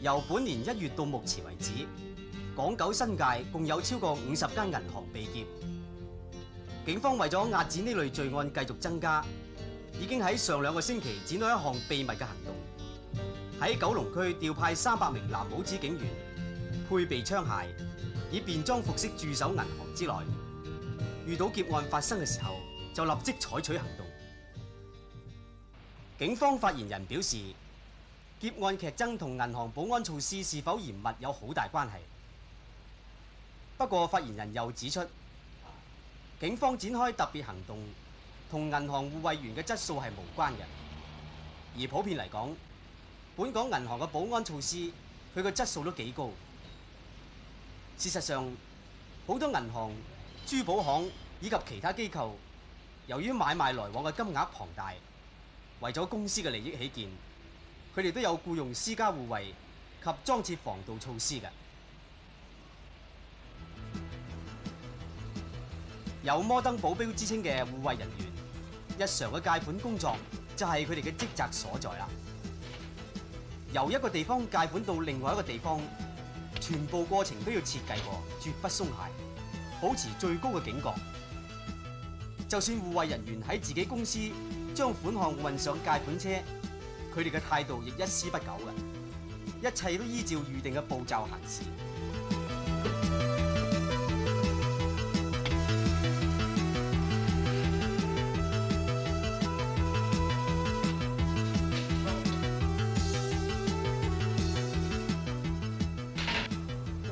由本年一月到目前為止，港九新界共有超過五十間銀行被劫。警方為咗壓止呢類罪案繼續增加，已經喺上兩個星期展開一項秘密嘅行動，喺九龍區調派三百名藍帽子警員，配備槍械，以便裝服飾駐守銀行之內。遇到劫案發生嘅時候，就立即採取行動。警方發言人表示，劫案劇增同銀行保安措施是否嚴密有好大關係。不過，發言人又指出，警方展開特別行動同銀行護衛員嘅質素係無關嘅。而普遍嚟講，本港銀行嘅保安措施佢嘅質素都幾高。事實上，好多銀行、珠寶行以及其他機構，由於買賣來往嘅金額龐大，為咗公司嘅利益起見。佢哋都有雇用私家護衛及裝設防盜措施嘅，有摩登保鏢之稱嘅護衛人員，日常嘅解款工作就係佢哋嘅職責所在啦。由一個地方解款到另外一個地方，全部過程都要設計過，絕不鬆懈，保持最高嘅警覺。就算護衛人員喺自己公司將款項運上解款車。佢哋嘅態度亦一絲不苟嘅，一切都依照預定嘅步驟行事。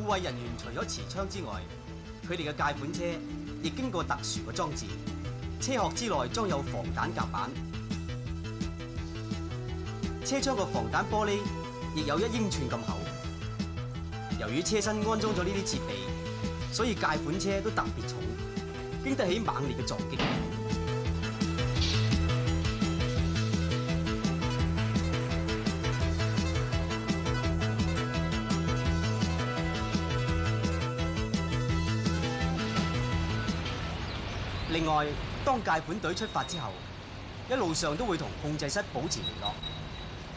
護衛人員除咗持槍之外，佢哋嘅解款車亦經過特殊嘅裝置，車殼之內裝有防彈夾板。車窗個防彈玻璃亦有一英寸咁厚。由於車身安裝咗呢啲設備，所以解款車都特別重，經得起猛烈嘅撞擊。另外，當解款隊出發之後，一路上都會同控制室保持聯絡。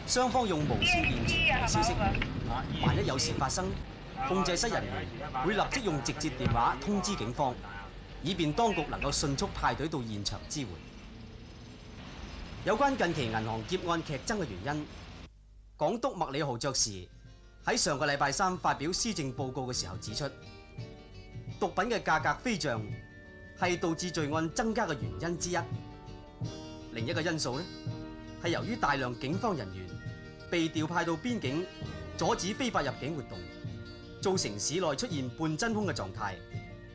雙方用無線電傳消息，萬一有事發生，控制室人員會立即用直接電話通知警方，以便當局能夠迅速派隊到現場支援。有關近期銀行劫案劇增嘅原因，港督麥理浩爵士喺上個禮拜三發表施政報告嘅時候指出，毒品嘅價格飛漲係導致罪案增加嘅原因之一。另一個因素呢係由於大量警方人員。被調派到邊境，阻止非法入境活動，造成市內出現半真空嘅狀態，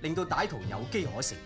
令到歹徒有機可乘。